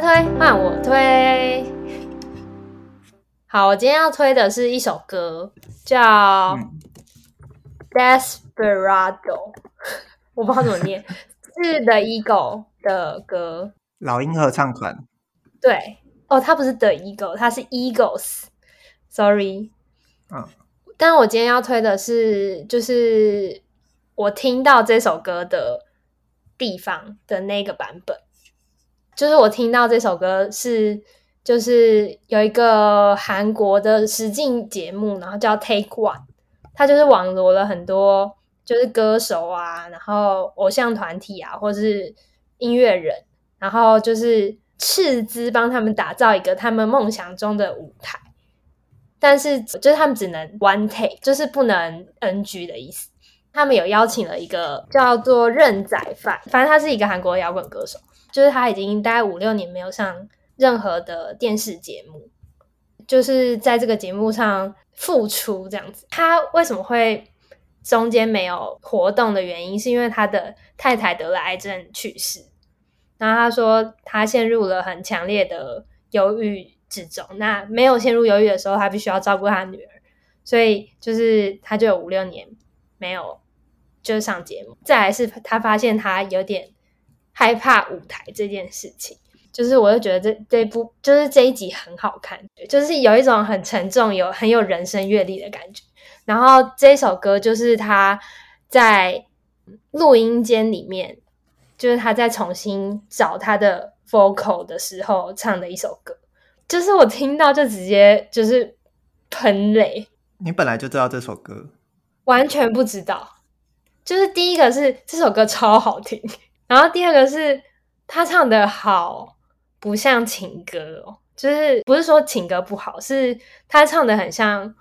換推，換我推。好，我今天要推的是一首歌，叫《Desperado》，嗯，我不知道怎麼念， 是 The Eagle 的歌，老鷹合唱團。對，哦，它不是 The Eagle，它是 Eagles，Sorry。啊、嗯，但我今天要推的是，就是我聽到這首歌的地方的那個版本。就是我聽到這首歌是，就是有一個韓國的實境節目，然後叫 Take One，他就是網羅了很多就是歌手啊，然後偶像團體啊，或是音樂人，然後就是斥資幫他們打造一個他們夢想中的舞台，但是就是他們只能 One Take，就是不能 NG 的意思。他們有邀請了一個叫做任宰範，反正他是一個韓國的搖滾歌手。就是他已經大概五六年沒有上任何的電視節目，就是在這個節目上復出這樣子。他為什麼會中間沒有活動的原因，是因為他的太太得了癌症去世。然後他說他陷入了很強烈的憂鬱之中。那沒有陷入憂鬱的時候，他必須要照顧他女兒，所以就是他就有五六年沒有就是上節目。再來是他發現他有點。害怕舞台這件事情，就是我就覺得這這部就是這一集很好看，就是有一種很沉重，有很有人生閱歷的感覺。然後這首歌就是他在錄音間裡面，就是他在重新找他的 vocal 的時候唱的一首歌，就是我聽到就直接就是噴淚。你本來就知道這首歌？完全不知道。就是第一個是這首歌超好聽。然後第二個是他唱的好不像情歌哦，就是不是說情歌不好，是他唱的很像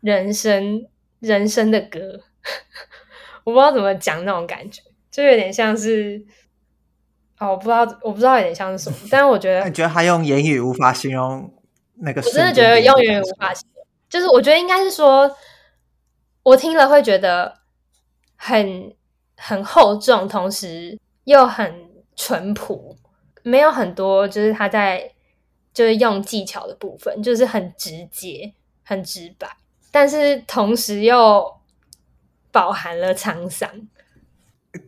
人生人生的歌， 我不知道怎麼講那種感覺，就有點像是，哦，我不知道，我不知道有點像是什麼，但是我覺得， 你覺得他用言語無法形容那個，我真的覺得用言語無法形容， 就是我覺得應該是說，我聽了會覺得很很厚重，同時。又很淳樸，沒有很多，就是他在就是用技巧的部分，就是很直接、很直白，但是同時又飽含了滄桑。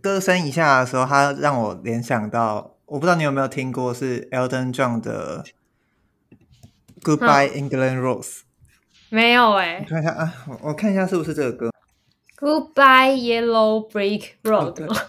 歌聲一下的時候，他讓我聯想到，我不知道你有沒有聽過是 Elton John 的《Goodbye England Rose》。沒有哎，你看一下、欸、啊，我看一下是不是這個歌，《Goodbye Yellow Brick Road、oh。》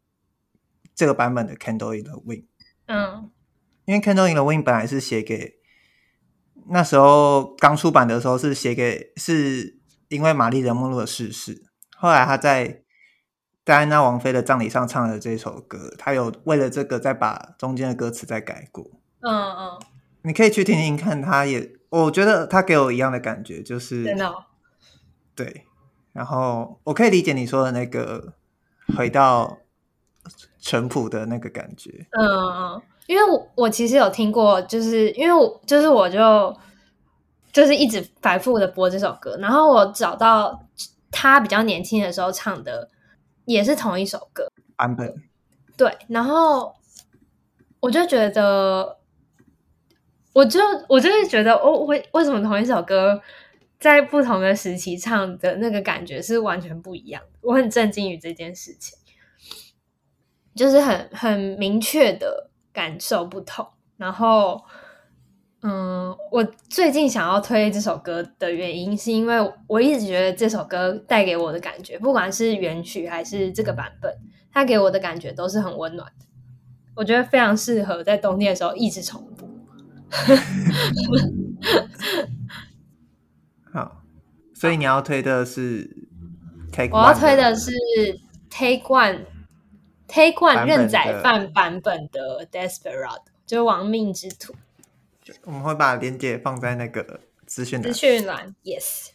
這個版本的《Candle in the Wind 嗯，因為《Candle in the Wind 本來是寫給那時候剛出版的時候是寫給，是因為瑪麗蓮夢露的逝世事。後來他在戴安娜王妃的葬禮上唱了這首歌，他有為了這個再把中間的歌詞再改過。嗯嗯，你可以去聽聽看，他也我覺得他給我一樣的感覺，就是、嗯、對，然後我可以理解你說的那個回到。嗯淳樸的那個感覺，嗯，因為我，我其實有聽過，就是因為我就是我就就是一直反復的播這首歌，然後我找到他比較年輕的時候唱的也是同一首歌版本，對，然後我就覺得，我就我就是覺得，我、哦、為為什麼同一首歌在不同的時期唱的那個感覺是完全不一樣的？我很震驚於這件事情。就是很很明確的感受不同，然後，嗯，我最近想要推這首歌的原因，是因為我一直覺得這首歌帶給我的感覺，不管是原曲還是這個版本，它給我的感覺都是很溫暖的。我覺得非常適合在冬天的時候一直重播。 好，所以你要推的是 Take One, 我要推的是 Take One。黑冠任宰範版本的 Desperado 就亡命之徒。我們會把鏈接放在那個資訊資訊欄，Yes。